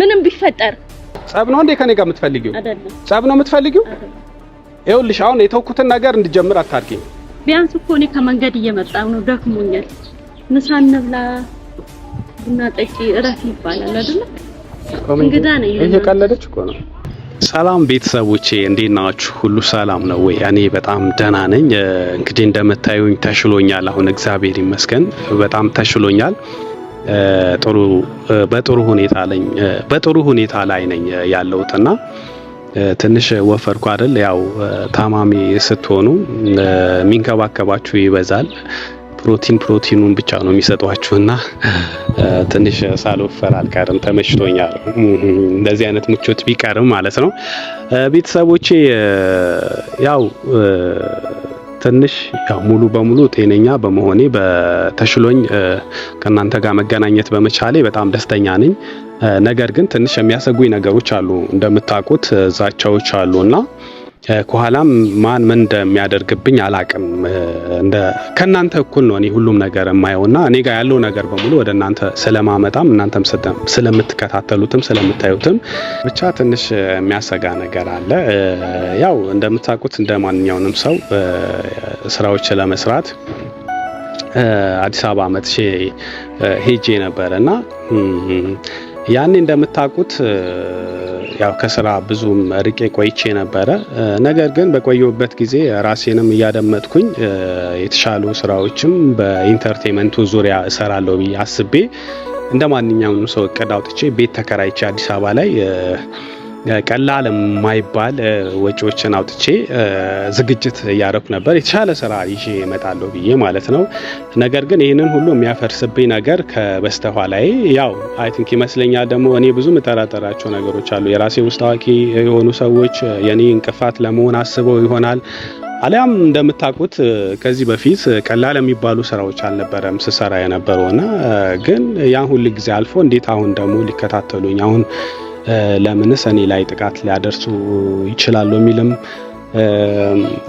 ምንም ቢፈጠር ጸብ ነው እንዴ ከኔ ጋር የምትፈልጊው? አይደለም ጸብ ነው የምትፈልጊው? ይኸውልሽ አሁን የተውኩትን ነገር እንድጀምር አታርጊኝ። ቢያንስ እኮ እኔ ከመንገድ እየመጣሁ ነው፣ ደክሞኛል። ምሳ እንብላ፣ ቡና ጠጪ፣ እረፍ ይባላል አይደለ? እንግዳ ነኝ። እየቀለደች እኮ ነው። ሰላም ቤተሰቦቼ እንዴት ናችሁ? ሁሉ ሰላም ነው ወይ? እኔ በጣም ደህና ነኝ። እንግዲህ እንደምታዩኝ ተሽሎኛል። አሁን እግዚአብሔር ይመስገን በጣም ተሽሎኛል። ጥሩ በጥሩ ሁኔታ ላይ በጥሩ ሁኔታ ላይ ነኝ ያለሁትና ትንሽ ወፈርኩ አይደል? ያው ታማሚ ስትሆኑ የሚንከባከባችሁ ይበዛል። ፕሮቲን ፕሮቲኑን ብቻ ነው የሚሰጧችሁና ትንሽ ሳልወፈር አልቀርም ተመችቶኛል። እንደዚህ አይነት ምቾት ቢቀርም ማለት ነው ቤተሰቦቼ ያው ትንሽ ያው ሙሉ በሙሉ ጤነኛ በመሆኔ በተሽሎኝ ከእናንተ ጋር መገናኘት በመቻሌ በጣም ደስተኛ ነኝ። ነገር ግን ትንሽ የሚያሰጉኝ ነገሮች አሉ። እንደምታውቁት ዛቻዎች አሉ እና ከኋላም ማን ምን እንደሚያደርግብኝ አላቅም። እንደ ከእናንተ እኩል ነው እኔ ሁሉም ነገር የማየውና እኔ ጋር ያለው ነገር በሙሉ ወደ እናንተ ስለማመጣም እናንተም ስለምትከታተሉትም ስለምታዩትም ብቻ ትንሽ የሚያሰጋ ነገር አለ። ያው እንደምታውቁት እንደ ማንኛውንም ሰው ስራዎች ለመስራት አዲስ አበባ መጥቼ ሄጄ ነበር እና ያኔ እንደምታውቁት ያው ከስራ ብዙም ርቄ ቆይቼ ነበረ። ነገር ግን በቆየሁበት ጊዜ ራሴንም እያደመጥኩኝ የተሻሉ ስራዎችም በኢንተርቴንመንቱ ዙሪያ እሰራለሁ ብዬ አስቤ እንደ ማንኛውም ሰው እቅድ አውጥቼ ቤት ተከራይቼ አዲስ አበባ ላይ ቀላል የማይባል ወጪዎችን አውጥቼ ዝግጅት እያደረኩ ነበር፣ የተሻለ ስራ ይዤ እመጣለሁ ብዬ ማለት ነው። ነገር ግን ይህንን ሁሉ የሚያፈርስብኝ ነገር ከበስተኋላዬ ያው አይ ቲንክ ይመስለኛል ደግሞ እኔ ብዙ የምጠራጠራቸው ነገሮች አሉ። የራሴ ውስጥ አዋቂ የሆኑ ሰዎች የኔ እንቅፋት ለመሆን አስበው ይሆናል። አሊያም እንደምታውቁት ከዚህ በፊት ቀላል የሚባሉ ስራዎች አልነበረም ስሰራ የነበረውና ግን ያን ሁል ጊዜ አልፎ እንዴት አሁን ደግሞ ሊከታተሉኝ አሁን ለምንስ እኔ ላይ ጥቃት ሊያደርሱ ይችላሉ የሚልም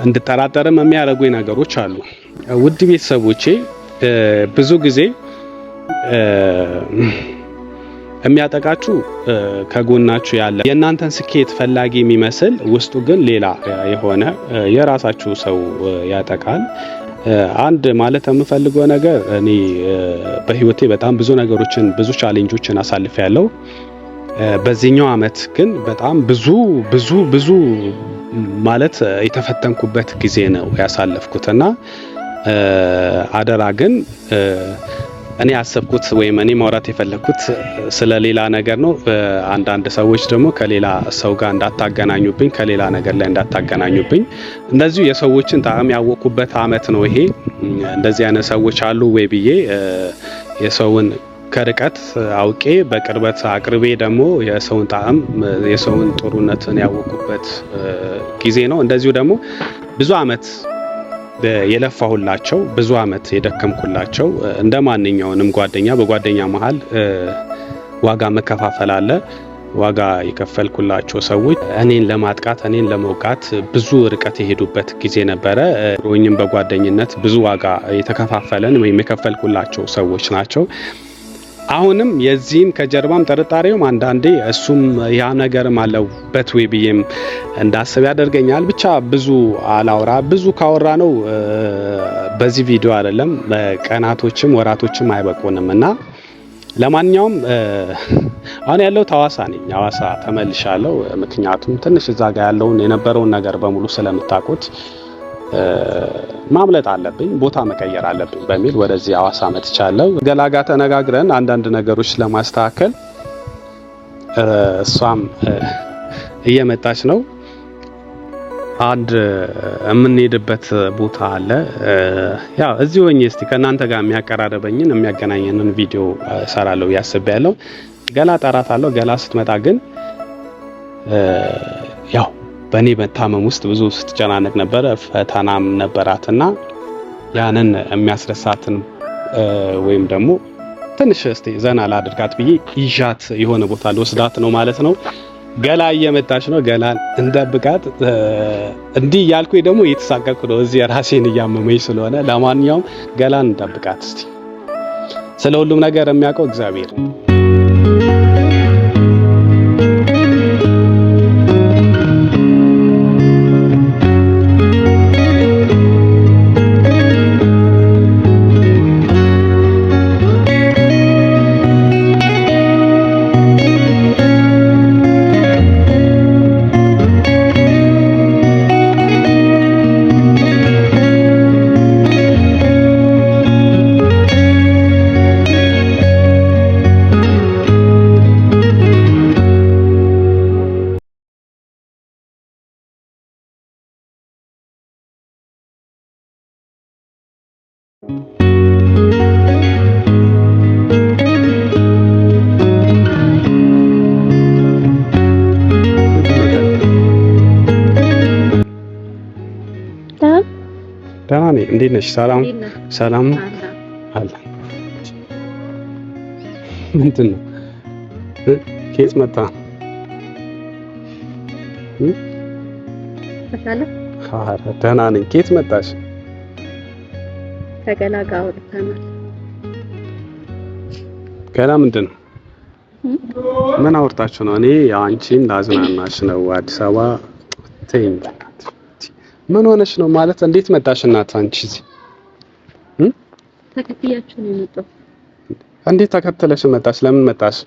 እንድጠራጠርም የሚያደርጉኝ ነገሮች አሉ። ውድ ቤተሰቦቼ ብዙ ጊዜ የሚያጠቃችሁ ከጎናችሁ ያለ የእናንተን ስኬት ፈላጊ የሚመስል ውስጡ ግን ሌላ የሆነ የራሳችሁ ሰው ያጠቃል። አንድ ማለት የምፈልገው ነገር እኔ በህይወቴ በጣም ብዙ ነገሮችን ብዙ ቻሌንጆችን አሳልፍ ያለው በዚህኛው ዓመት ግን በጣም ብዙ ብዙ ብዙ ማለት የተፈተንኩበት ጊዜ ነው ያሳለፍኩት እና አደራ ግን እኔ ያሰብኩት ወይም እኔ ማውራት የፈለግኩት ስለ ሌላ ነገር ነው። አንዳንድ ሰዎች ደግሞ ከሌላ ሰው ጋር እንዳታገናኙብኝ፣ ከሌላ ነገር ላይ እንዳታገናኙብኝ። እንደዚሁ የሰዎችን ጣዕም ያወቁበት አመት ነው ይሄ። እንደዚህ አይነት ሰዎች አሉ ወይ ብዬ የሰውን ከርቀት አውቄ በቅርበት አቅርቤ ደግሞ የሰውን ጣዕም የሰውን ጥሩነትን ያወቁበት ጊዜ ነው። እንደዚሁ ደግሞ ብዙ ዓመት የለፋሁላቸው ብዙ ዓመት የደከምኩላቸው እንደ ማንኛውንም ጓደኛ በጓደኛ መሀል ዋጋ መከፋፈል አለ። ዋጋ የከፈልኩላቸው ሰዎች እኔን ለማጥቃት እኔን ለመውጋት ብዙ ርቀት የሄዱበት ጊዜ ነበረ። ሮኝም በጓደኝነት ብዙ ዋጋ የተከፋፈለን ወይም የከፈልኩላቸው ሰዎች ናቸው። አሁንም የዚህም ከጀርባም ጥርጣሬውም አንዳንዴ እሱም ያ ነገርም አለበት ወይ ብዬም እንዳስብ ያደርገኛል። ብቻ ብዙ አላውራ። ብዙ ካወራ ነው በዚህ ቪዲዮ አይደለም ቀናቶችም ወራቶችም አይበቁንም እና ለማንኛውም አሁን ያለሁት ሐዋሳ ነኝ። ሐዋሳ ተመልሻለሁ። ምክንያቱም ትንሽ እዛ ጋር ያለውን የነበረውን ነገር በሙሉ ስለምታውቁት ማምለጥ አለብኝ፣ ቦታ መቀየር አለብኝ በሚል ወደዚህ አዋሳ መጥቻለሁ። ገላጋ ተነጋግረን አንዳንድ ነገሮች ለማስተካከል እሷም እየመጣች ነው። አንድ የምንሄድበት ቦታ አለ። ያው እዚህ ወኝ እስቲ ከእናንተ ጋር የሚያቀራረበኝን የሚያገናኘንን ቪዲዮ እሰራለሁ ያስብ ያለው ገላ ጠራት አለው። ገላ ስትመጣ ግን ያው በእኔ መታመም ውስጥ ብዙ ስትጨናነቅ ነበረ። ፈተናም ነበራትና ያንን የሚያስረሳትን ወይም ደግሞ ትንሽ እስቲ ዘና ላድርጋት ብዬ ይዣት የሆነ ቦታ ልወስዳት ነው ማለት ነው። ገላ እየመጣች ነው። ገላን እንደብቃት እንዲህ እያልኩ ደግሞ እየተሳቀቅኩ ነው፣ እዚህ ራሴን እያመመኝ ስለሆነ። ለማንኛውም ገላን እንደብቃት እስቲ። ስለ ሁሉም ነገር የሚያውቀው እግዚአብሔር ነሽ? ሰላም ሰላም አለ። ምንድን ነው ከየት መጣ? ኧረ ደህና ነኝ። ከየት መጣሽ? ከገላ ጋር ገላ ምንድን ነው? ምን አውርታችሁ ነው? እኔ አንቺን ላዝናናሽ ነው። አዲስ አበባ ትይኝ ምን ሆነሽ ነው ማለት እንዴት መጣሽ? እናት አንቺ እዚህ ተከትያችሁ ነው የመጣው። እንዴት ተከተለሽ መጣሽ? ለምን መጣሽ?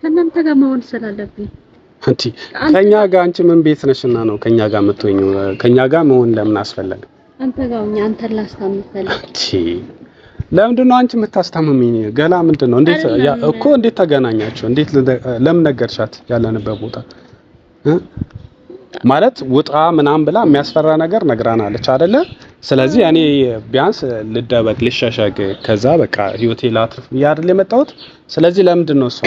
ከእናንተ ጋር መሆን ስላለብኝ። አንቺ ከኛ ጋር አንቺ ምን ቤት ነሽና ነው ከኛ ጋር የምትሆኝ? ከኛ ጋር መሆን ለምን አስፈለገ? አንተ ጋር ሆኜ አንተን ላስታምም ፈለግ። አንቺ ለምንድን ነው አንቺ የምታስታምሚኝ? ገና ምንድን ነው እንዴት እኮ እንዴት ተገናኛችሁ? እንዴት ለምን ነገርሻት ያለንበት ቦታ ማለት ውጣ ምናምን ብላ የሚያስፈራ ነገር ነግራናለች አይደለ? ስለዚህ እኔ ቢያንስ ልደበቅ፣ ልሻሻግ፣ ከዛ በቃ ህይወቴ ላትርፍ ብዬ አይደል የመጣሁት። ስለዚህ ለምንድን ነው እሷ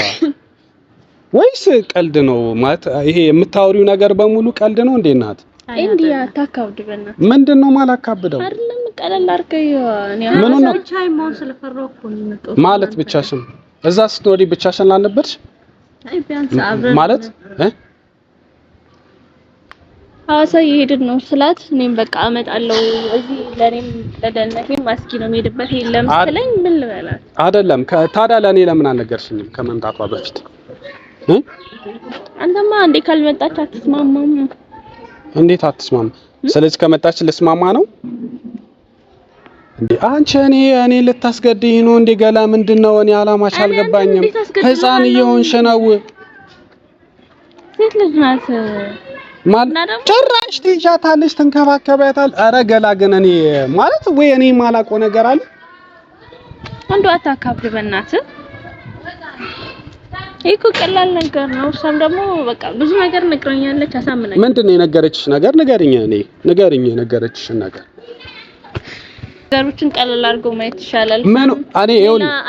ወይስ ቀልድ ነው? ማለት ይሄ የምታወሪው ነገር በሙሉ ቀልድ ነው እንዴ? እናት እንዴ አታካብድ፣ በእናትህ ምንድን ነው ማላካብደው? አይደለም ቀለል አድርገህ ማለት ብቻሽን እዛ ስትኖሪ ብቻሽን ላልነበርሽ ማለት ሐዋሳ እየሄድን ነው ስላት፣ እኔም በቃ አመጣለሁ እዚህ ለኔም ለደህንነቴም ማስኪ ነው የምሄድበት የለም ስለኝ፣ ምን ልበላት? አይደለም ታዲያ ለኔ ለምን አልነገርሽኝም ከመምጣቷ በፊት? አንተማ እንዴ ካልመጣች አትስማማም። እንዴት አትስማም? ስለዚህ ከመጣች ልስማማ ነው እንዴ? አንቺ እኔ እኔ ልታስገድኝ ነው እንዴ? ገላ ምንድን ነው? እኔ አላማሽ አልገባኝም። ህፃን እየሆንሽ ነው። ሴት ልጅ ናት ማለት ጭራሽ ትይዣታለሽ፣ ትንከባከቢያታል። ኧረ ገላገን እኔ ማለት ወይ እኔ የማላውቀው ነገር አለ። አንዱ አታካብድ በእናትህ። ይሄ እኮ ቀላል ነገር ነው። እሷም ደግሞ በቃ ብዙ ነገር ነግረኛለች፣ አሳምነኝ። ምንድን ነው የነገረችሽ ነገር? ንገሪኝ፣ እኔ ንገሪኝ የነገረችሽን ነገር። ነገሮችን ቀላል አድርጎ ማየት ይሻላል። ምን እኔ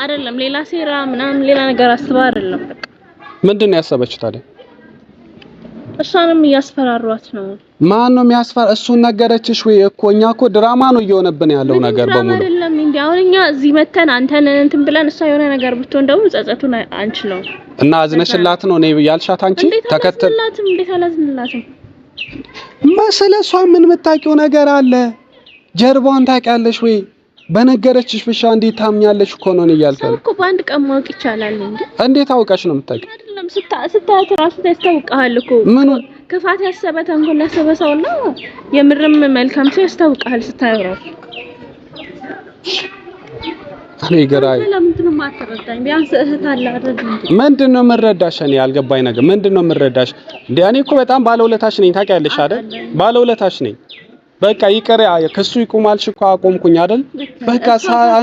አይደለም ሌላ ሴራ ምናምን ሌላ ነገር አስባ አይደለም። በቃ ምንድን ነው ያሰበችው ታዲያ? እሷንም እያስፈራሯት ነው። ማን ነው የሚያስፈራ? እሱን ነገረችሽ ወይ? እኮ እኛ እኮ ድራማ ነው እየሆነብን ያለው ነገር በሙሉ አይደለም። እንዴ አሁን እኛ እዚህ መተን አንተን እንትን ብለን እሷ የሆነ ነገር ብትሆን ደግሞ ጸጸቱን አንቺ ነው እና አዝነሽላት ነው እኔ ያልሻት አንቺ ተከተል። እንዴት አላዝንላትም መሰለ። እሷ ምን የምታውቂው ነገር አለ? ጀርባዋን ታውቂያለሽ ወይ? በነገረችሽ ብቻ እንዴት ታምኛለሽ? እኮ ነው እያልከኝ እኮ በአንድ ቀን ማወቅ ይቻላል እንዴ? እንዴት አውቀሽ ነው የምታውቂው? ስታያት ራሱ ያስታውቃል እኮ ምኑ ክፋት ያሰበ ተንኮል ያሰበ ሰው ነው። የምርም መልካም ሰው ያስታውቃል። ስታየው ራሱ እኔ ግራ አለ አይደል? ምንድን ነው የምንረዳሽ? እኔ ያልገባኝ ነገር ምንድን ነው የምንረዳሽ? እንደ እኔ እኮ በጣም ባለውለታሽ ነኝ። ታውቂያለሽ አይደል? ባለውለታሽ ነኝ። በቃ ይቅር፣ ክሱ ይቁም አልሽ እኮ አቆምኩኝ አይደል? በቃ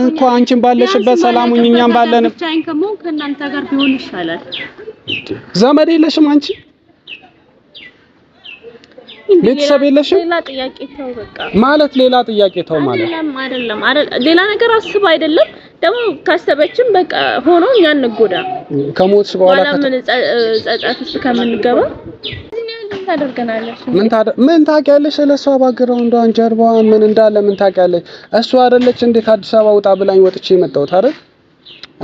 እንኳን አንቺን ባለሽበት ሰላሙኝ፣ እኛም ባለን ብቻዬን ከመሆን ከእናንተ ጋር ቢሆን ይሻላል። ዘመድ የለሽም አንቺ? ቤተሰብ የለሽም? ሌላ ጥያቄ ተው በቃ። ማለት ሌላ ጥያቄ ተው ማለት አይደለም አይደለም፣ ሌላ ነገር አስብ አይደለም። ደግሞ ካሰበችም በቃ ሆኖ እኛን እንጎዳ ከሞትሽ በኋላ ጸጸት ውስጥ ከምንገባ ምን ምን ታውቂያለሽ? ስለ እሷ ባግራውንዷን ጀርባዋን ምን እንዳለ ምን ታውቂያለሽ? እሷ አይደለች እንዴት አዲስ አበባ ውጣ ብላኝ ወጥቼ የመጣሁት አይደል?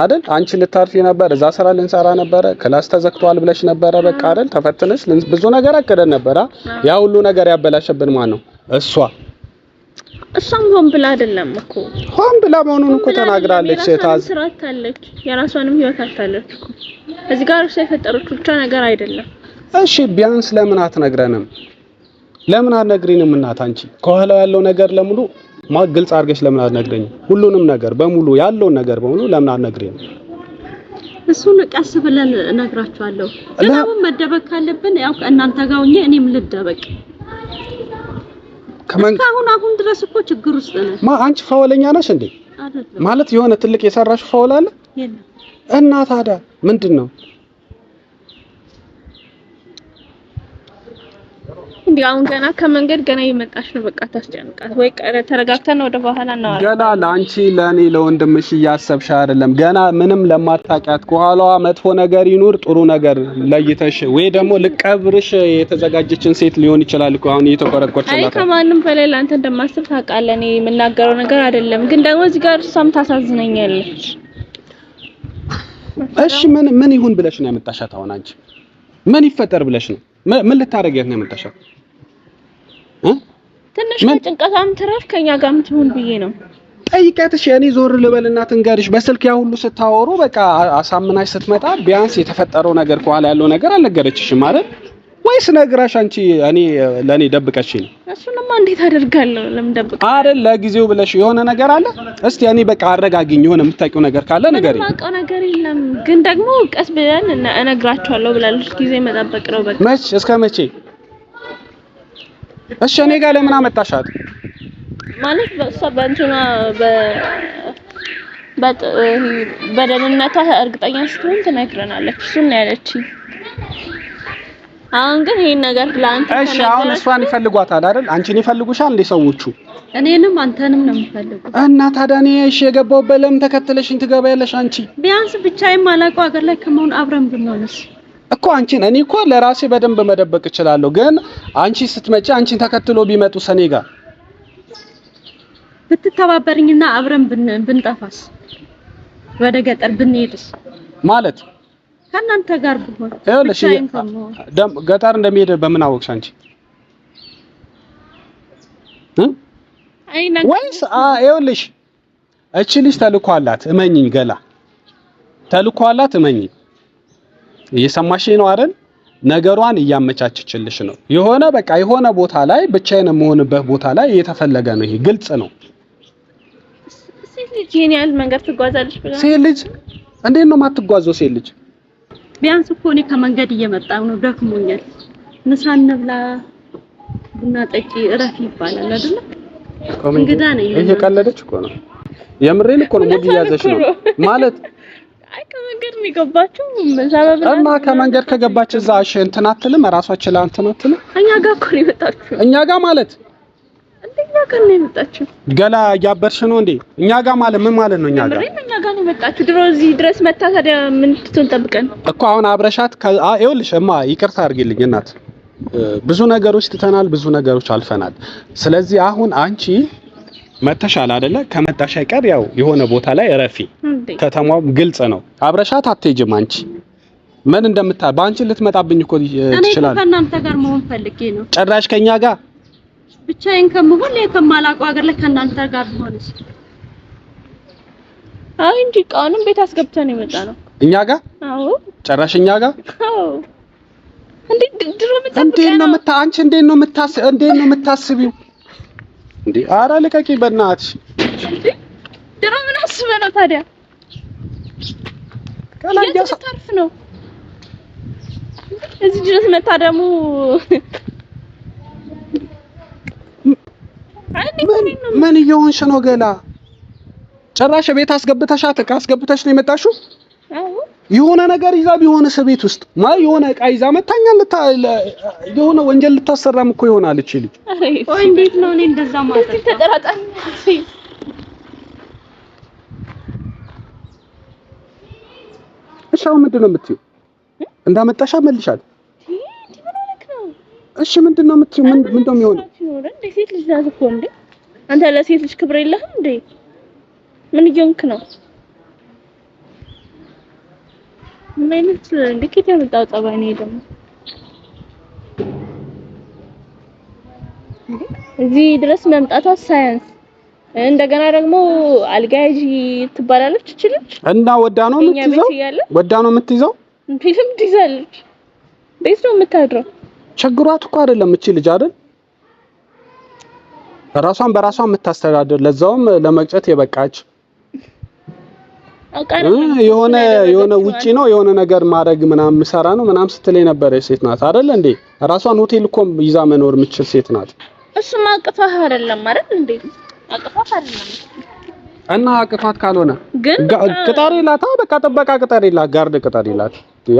አይደል አንቺ ልታርፊ ነበር፣ እዛ ስራ ልንሰራ ነበረ፣ ክላስ ተዘግቷል ብለሽ ነበረ። በቃ አይደል ተፈትነሽ ብዙ ነገር አቅደን ነበረ። ያ ሁሉ ነገር ያበላሸብን ማን ነው? እሷ። እሷም ሆን ብላ አይደለም እኮ ሆን ብላ መሆኑን እኮ ተናግራለች። ሴታዝ ስራ የራሷንም ህይወት አታለች እኮ እዚህ ጋር እሷ የፈጠረችው ብቻ ነገር አይደለም። እሺ ቢያንስ ለምን አትነግረንም? ለምን አትነግሪንም? እናት አንቺ ከኋላ ያለው ነገር ለሙሉ ግልጽ አድርገሽ ለምን አትነግረኝ? ሁሉንም ነገር በሙሉ ያለውን ነገር በሙሉ ለምን አትነግረኝ? እሱን ቀስ ብለን እነግራችኋለሁ። ግን አሁን መደበቅ ካለብን ያው እናንተ ጋር ሆኜ እኔም ልደበቅ። ከአሁን አሁን ድረስ እኮ ችግር ውስጥ ነን። ማ አንቺ ፋውለኛ ነሽ እንዴ? ማለት የሆነ ትልቅ የሰራሽ ፋውል አለ እና ታዲያ ምንድን ነው? እንዴ አሁን ገና ከመንገድ ገና የመጣሽ ነው። በቃ ታስጨንቃት ወይ ተረጋግተን ወደ በኋላ ነው። ገና ለአንቺ ለእኔ ለወንድምሽ እያሰብሽ አይደለም። ገና ምንም ለማታውቂያት ከኋላዋ መጥፎ ነገር ይኑር ጥሩ ነገር ለይተሽ ወይ ደግሞ ልቀብርሽ የተዘጋጀችን ሴት ሊሆን ይችላል እኮ አሁን እየተቆረቆርሽ ነው። አይ ከማንም በላይ ለአንተ እንደማስብ ታውቃለህ። እኔ የምናገረው ነገር አይደለም፣ ግን ደግሞ እዚህ ጋር እሷም ታሳዝነኛለች። እሺ ምን ምን ይሁን ብለሽ ነው ያመጣሻት? አሁን አንቺ ምን ይፈጠር ብለሽ ነው ምን ልታረጊያት ነው ያመጣሻት? ትንሽ ከጭንቀታም ትረፍ ከኛ ጋር ምትሆን ብዬ ነው ጠይቀትሽ እኔ ዞር ልበልና ትንገርሽ። በስልክ ያ ሁሉ ስታወሩ በቃ አሳምናሽ ስትመጣ ቢያንስ የተፈጠረው ነገር ከኋላ ያለው ነገር አልነገረችሽም ማለት ወይስ ነግራሽ አንቺ እኔ ለኔ ደብቀሽ ነው? እሱንማ እንዴት አደርጋለሁ? ለምን ደብቀ አይደል? ለጊዜው ብለሽ የሆነ ነገር አለ። እስቲ እኔ በቃ አረጋግኝ። የሆነ የምታውቂው ነገር ካለ ነገር ይሄ የማውቀው ነገር የለም፣ ግን ደግሞ ቀስ ብለን እነግራቸዋለሁ ብላለች። ጊዜ መጠበቅ ነው በቃ። መች እስከ መቼ እሺ እኔ ጋር ለምን አመጣሻት? ማለት በእሷ በእንትና በ በደህንነቷ እርግጠኛ ስትሆን ትነግረናለች። እሱን ነው ያለችኝ። አሁን ግን ይሄን ነገር ለአንተ እሺ፣ አሁን እሷን ይፈልጓታል አይደል? አንቺን ይፈልጉሻል እንዴ ሰዎቹ? እኔንም አንተንም ነው የሚፈልጉ። እና ታዲያ እኔ እሺ የገባሁበት ለምን ተከትለሽኝ ትገባያለሽ አንቺ? ቢያንስ ብቻዬን የማላውቀው ሀገር ላይ ከመሆን አብረን ብንሆንስ እኮ አንቺን እኔ እኮ ለራሴ በደንብ መደበቅ እችላለሁ፣ ግን አንቺ ስትመጪ አንቺን ተከትሎ ቢመጡ ሰኔ ጋር ብትተባበርኝና አብረን ብንጠፋስ ወደ ገጠር ብንሄድስ ማለት ከእናንተ ጋር ብሆን ይኸውልሽ፣ ገጠር እንደሚሄድ በምን አወቅሽ አንቺ? ወይስ ይኸውልሽ፣ እቺ ልጅ ተልኮ አላት እመኝኝ፣ ገላ ተልኮ አላት እመኝኝ እየሰማሽ ነው አይደል? ነገሯን እያመቻቸችልሽ ነው። የሆነ በቃ የሆነ ቦታ ላይ ብቻዬን የምሆንበት ቦታ ላይ እየተፈለገ ነው። ይሄ ግልጽ ነው። ይሄን መንገድ ትጓዛለች ብላ ሴት ልጅ እንዴት ነው የማትጓዘው? ሴት ልጅ ቢያንስ እኮ እኔ ከመንገድ እየመጣሁ ነው፣ ደክሞኛል፣ ምሳ እንብላ፣ ቡና ጠጪ፣ እረፍ ይባላል አይደለ? እንግዳ ነኝ። ይሄ ቀለደች እኮ ነው። የምሬን እኮ ነው። ሙድ እያዘሽ ነው ማለት ከመንገድ ነው እማ ከመንገድ ከገባች እዛ እሺ እንትን አትልም፣ እራሷ ችላ እንትን አትልም። እኛ ጋር እኮ ነው የመጣችው። እኛ ጋር ማለት እንደኛ ጋር ነው የመጣችው። ገላ እያበርሽ ነው እንዴ? እኛ ጋር ማለት ምን ማለት ነው? እኛ ጋር ምን? እኛ ጋር ነው የመጣችው። ድሮ እዚህ ድረስ መታ ታዲያ ምን ትቶን ጠብቀን እኮ አሁን አብረሻት። ይኸውልሽ እማ ይቅርታ አድርጊልኝ እናት፣ ብዙ ነገሮች ትተናል፣ ብዙ ነገሮች አልፈናል። ስለዚህ አሁን አንቺ መተሻል አይደለ? ከመጣሽ አይቀር ያው የሆነ ቦታ ላይ ረፊ። ከተማው ግልጽ ነው። አብረሻት አትሄጂም አንቺ ምን እንደምታ በአንቺ ልትመጣብኝ እኮ ትችላለህ። ከእናንተ ጋር መሆን ፈልጌ ነው። ጭራሽ ከኛ ጋር ብቻዬን ከምሆን ላይ ከማላውቀው ሀገር ላይ ከእናንተ ጋር ሆነሽ። አይ እንጂ ቃሉን ቤት አስገብተን የመጣ ነው። እኛ ጋር አዎ፣ ጭራሽ እኛ ጋር አዎ። እንዴት ድሮ የምጠብቀኝ ነው። እንዴት ነው መጣ? አንቺ እንዴት ነው የምታስቢው? እንዴ! ኧረ ልቀቂ በእናትሽ። ድሮ ምን አስበህ ነው ታዲያ? ታርፍ ነው እዚህ ድረስ መታ ደግሞ ምን እየሆንሽ ነው? ገና ጭራሽ ቤት አስገብተሻት አስገብተሽ ነው የመጣሽው? የሆነ ነገር ይዛ ቢሆንስ ቤት ውስጥ ማ የሆነ ዕቃ ይዛ መታኛ የሆነ ወንጀል ልታሰራም እኮ ይሆናል። እቺ ልጅ ወይ እንዴት ነው? እኔ እንደዛ ማለት ተጠራጣኝ እሺ፣ አሁን ምንድን ነው የምትይው? እንዳመጣሽ መልሻል። እሺ፣ ምንድን ነው የምትይው? ምንድን ነው የሚሆነው? ሴት ልጅ ናት እኮ እንዴ! አንተ ለሴት ልጅ ክብር የለህም እንዴ? ምን እየሆንክ ነው? ምን አይነት ልኬት ያመጣው ጸባይ ነው ደግሞ እዚህ ድረስ መምጣቷ ሳያንስ እንደገና ደግሞ አልጋ ያዥ ትባላለች እና ወዳ ነው የምትይዘው ወዳ ነው የምትይዘው ፊልም ትይዛለች ቤት ነው የምታድረው ችግሯት እኮ አይደለም እቺ ልጅ አይደል ራሷን በራሷ የምታስተዳድር ለዛውም ለመቅጨት የበቃች የሆነ የሆነ ውጪ ነው የሆነ ነገር ማድረግ ምናምን ምሰራ ነው ምናምን ስትል የነበረች ሴት ናት አይደል እንዴ? ራሷን ሆቴል እኮ ይዛ መኖር የምችል ሴት ናት። እሱም አቅፋህ አይደለም አይደል እንዴ? አቅፋህ አይደለም እና አቅፋት ካልሆነ ቅጠሪላት። በቃ ጥበቃ ቅጠሪላት፣ ጋርድ ቅጠሪላት።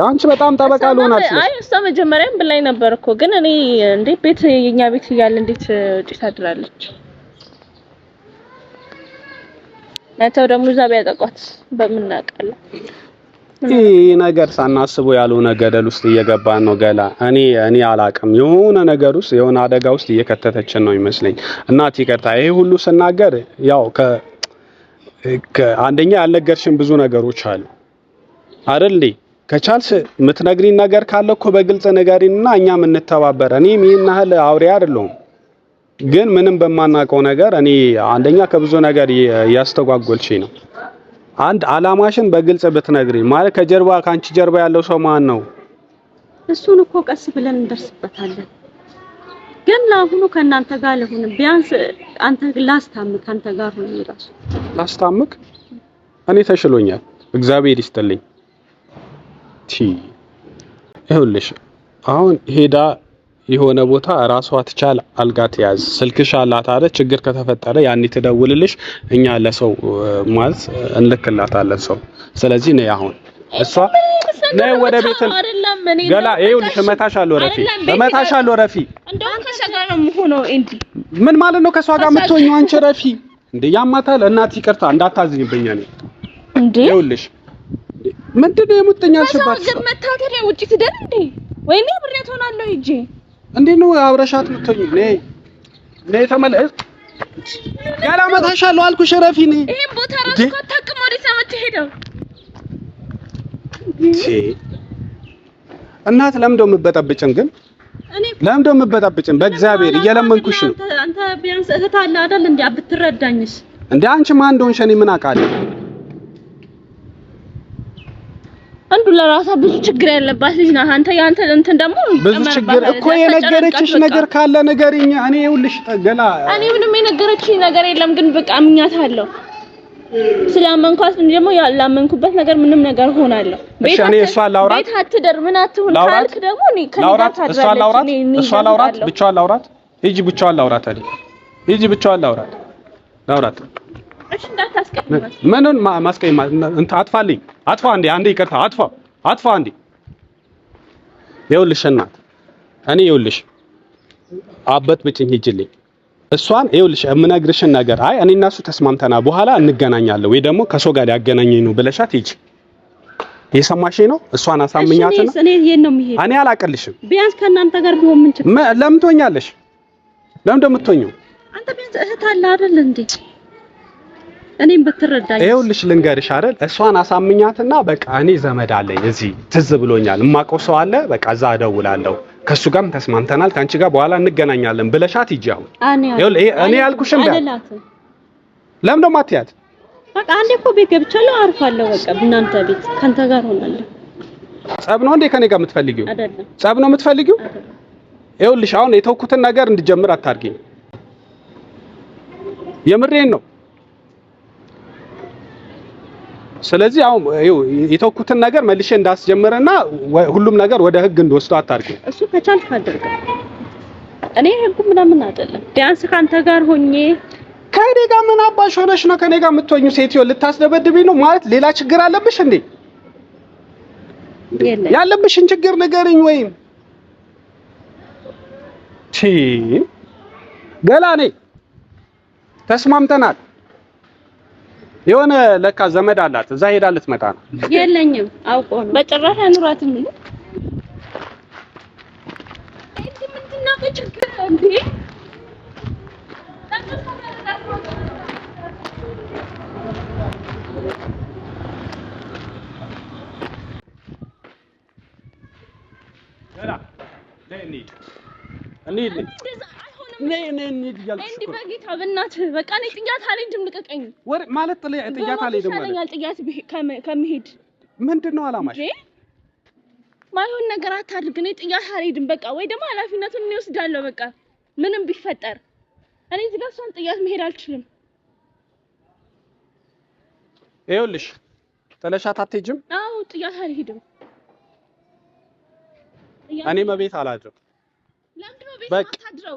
አንቺ በጣም ጠበቃ ልሆን አይ እሷ መጀመሪያም ብላኝ ነበር እኮ ግን እኔ እንዴ ቤት የኛ ቤት እያለ እንዴት ጭ ታድራለች? አይተው ደግሞ እዛ ቢያጠቋት በምናቀለ ይህ ነገር ሳናስበው ያልሆነ ገደል ውስጥ እየገባን ነው። ገላ እኔ እኔ አላቅም የሆነ ነገር ውስጥ የሆነ አደጋ ውስጥ እየከተተችን ነው ይመስለኝ። እናት ይቅርታ፣ ይሄ ሁሉ ስናገር ያው ከ አንደኛ ያልነገርሽን ብዙ ነገሮች አሉ አይደል ከቻልስ ከቻልሽ የምትነግሪን ነገር ካለ እኮ በግልጽ ንገሪንና እኛም እንተባበር። እኔም ይህን ያህል አውሬ አይደለሁም። ግን ምንም በማናውቀው ነገር እኔ አንደኛ ከብዙ ነገር ያስተጓጎልሽ ነው። አንድ አላማሽን በግልጽ ብትነግሪ ማለት ከጀርባ ከአንቺ ጀርባ ያለው ሰው ማን ነው? እሱን እኮ ቀስ ብለን እንደርስበታለን። ግን ለአሁኑ ከእናንተ ጋር ለሆነ ቢያንስ አንተ ላስታምክ አንተ ጋር ሆነ እራሱ ላስታምክ እኔ ተሽሎኛል። እግዚአብሔር ይስጥልኝ። ቲ ይኸውልሽ አሁን ሄዳ የሆነ ቦታ ራሷ ትቻል አልጋ ትያዝ ስልክሽ አላት አለ ችግር ከተፈጠረ ያኔ ትደውልልሽ እኛ ለሰው ማለት እንልክላታለን ሰው ስለዚህ ነው አሁን እሷ ነይ ወደ ቤት ገላ ይኸውልሽ እመታሻለሁ ረፊ እመታሻለሁ ረፊ ምን ማለት ነው ከሷ ጋር የምትሆኚው አንቺ ረፊ እንዴ? ያማታል እናት ይቅርታ እንዳታዝኝብኝ እኔ እንዴ ይኸውልሽ ምንድን ነው የሙጥኛልሽባት መታገሪያ ውጪ ትደል እንዴ ወይኔ ብሬት ሆናለሁ ሂጂ እንዴት ነው አብረሻት የምትሆኝ? ነይ ነይ፣ ተመለስ። ያላመጣሻለሁ አልኩሽ እረፊ። ነይ። ይሄን ቦታ ራስ እኮ አታውቅም። ወዴት ነው የምትሄደው? እናት ለምደው እንደው ግን ለምን እንደው የምትበጠብጭን? በእግዚአብሔር እየለመንኩሽ ነው። አንተ ቢያንስ እህት አለ አይደል? እንዴ ብትረዳኝስ? እንዴ አንቺ ማን እንደሆንሽ እኔ ምን አውቃለሁ? አንዱ ለራሷ ብዙ ችግር ያለባት ልጅ ናት። አንተ ያንተ እንትን ደግሞ ብዙ ችግር እኮ የነገረችሽ ነገር ካለ ንገሪኝ። እኔ ይኸውልሽ ገላ እኔ ምንም የነገረችኝ ነገር የለም፣ ግን በቃ አምኛታለሁ። ስላመንኳት ደግሞ ያላመንኩበት ነገር ምንም ነገር ሆናለሁ። ቤት አትደር ምን አትሁን ካልክ ደግሞ እኔ ከላውራት እሷ ላውራት እሷ ላውራት ብቻዋን ላውራት ሂጂ፣ ብቻዋን ላውራት አይደል? ሂጂ፣ ብቻዋን ላውራት ላውራት። እሺ እንዳታስቀይማት። ምኑን ማስቀይማት? እንትን አጥፋልኝ አጥፋ አንዴ አንዴ ይቅርታ አጥፋ አጥፋ አንዴ ይኸውልሽ እናት እኔ ይኸውልሽ አበት ብጭኝ ሂጅልኝ እሷን ይኸውልሽ የምነግርሽን ነገር አይ እኔ እና እሱ ተስማምተና በኋላ እንገናኛለን ወይ ደግሞ ከሶ ጋር ያገናኘኝ ነው ብለሻት ሂጂ የሰማሽ ነው እሷን አሳምኛት ነው እኔ ነው አላቀልሽም ቢያንስ ከእናንተ ጋር ቢሆን ምን ችግር ለምን ትሆኛለሽ ለምን እንደምትሆኚው አንተ ቢያንስ እህት አለ አይደል እንዴ እኔም ብትረዳኝ ይኸውልሽ ልንገርሽ አይደል እሷን አሳምኛትና በቃ እኔ ዘመድ አለኝ እዚህ ትዝ ብሎኛል የማውቀው ሰው አለ በቃ እዛ እደውላለሁ ከሱ ጋርም ተስማምተናል ከአንቺ ጋር በኋላ እንገናኛለን ብለሻት ሂጂ አሁን እኔ ያልኩሽም ለምን ደሞ አትያት በቃ አንዴ እኮ ቤት ገብቻለሁ አርፋለሁ በቃ እናንተ ቤት ከአንተ ጋር ሆናለሁ ጸብ ነው እንዴ ከኔ ጋር የምትፈልጊው አይደለም ጸብ ነው የምትፈልጊው ይኸውልሽ አሁን የተውኩትን ነገር እንድጀምር አታርጊኝ የምሬን ነው ስለዚህ አሁን የተውኩትን ነገር መልሼ እንዳስጀምርና ሁሉም ነገር ወደ ህግ እንደወስደው አታርጊ። እሱ ከቻልክ አድርግ። እኔ ህጉ ምናምን አይደለም። ቢያንስ ከአንተ ጋር ሆኜ ከእኔ ጋር ምን አባሽ ሆነሽ ነው ከእኔ ጋር የምትሆኙ? ሴትዮ ልታስደበድብኝ ነው ማለት ሌላ ችግር አለብሽ እንዴ? ያለብሽን ችግር ንገርኝ። ወይም ቺ ገላ ተስማምተናል። የሆነ ለካ ዘመድ አላት እዛ ሄዳ ልትመጣ ነው። የለኝም አውቆ ነው በጭራሽ አኑራትም ነው እንዴ ነይ ነይ እንሂድ በጌታ በእናትህ በቃ ነይ። ጥያት አልሄድም፣ ልቀቀኝ። ወር ማለት ጥያት አልሄድም ማለት ጥያት ከመሄድ ምንድን ነው አላማሽ? ማይሆን ነገር አታድርግ። ነይ፣ ጥያት አልሄድም። በቃ ወይ ደግሞ ኃላፊነቱን እኔ ወስዳለሁ። በቃ ምንም ቢፈጠር እኔ እዚህ ጋር እሷን ጥያት መሄድ አልችልም። ይኸውልሽ ጥለሻት አትሄጂም? አዎ ጥያት አልሄድም። እኔ መቤት አላድርም። ለምንድን ነው ቤት አታድረው?